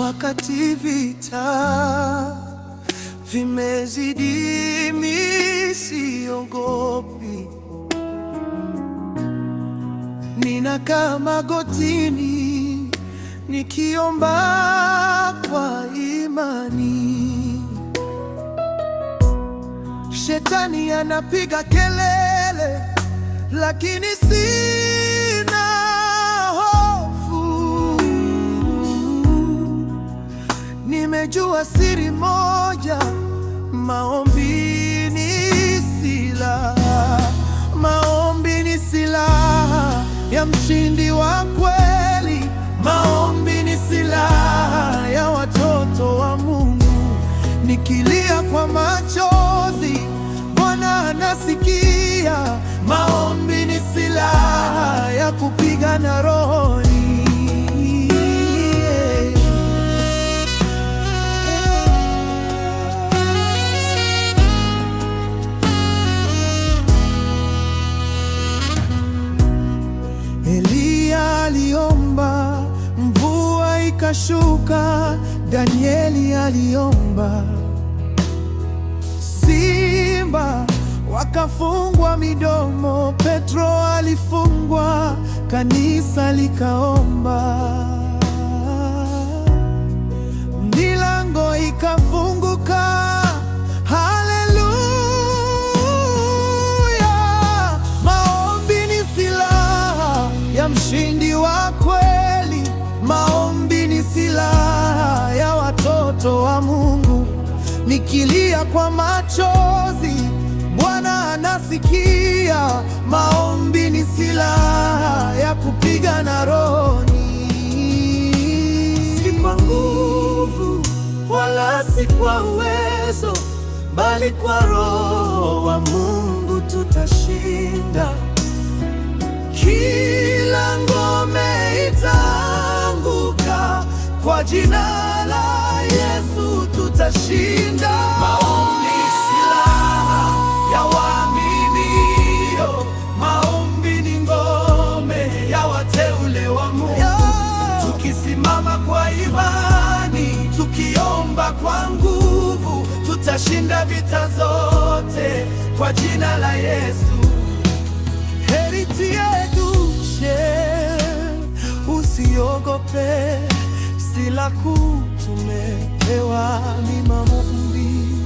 wakati vita vimezidi, misiogopi, siogopi, ninakaa magotini nikiomba kwa imani. Shetani anapiga kelele, lakini si Nimejua siri moja, maombi ni silaha, maombi ni silaha ya mshindi wa kweli, maombi ni silaha ya watoto wa Mungu. Nikilia kwa machozi, Bwana anasikia. Maombi ni silaha ya kupigana roho unashuka, Danieli aliomba. Simba wakafungwa midomo, Petro alifungwa, kanisa likaomba. nikilia kwa machozi, Bwana anasikia. Maombi ni silaha ya kupigana rohoni, si kwa nguvu wala si kwa uwezo, bali kwa Roho wa Mungu tutashinda kila ngome itaanguka kwa jina la tutashinda. Maombi silaha ya waaminio, maombi ni ngome ya wateule wa Mungu. Tukisimama kwa imani, tukiomba kwa nguvu, tutashinda vita zote kwa jina la Yesu. Heri tiye usiogope la kuu ni maombi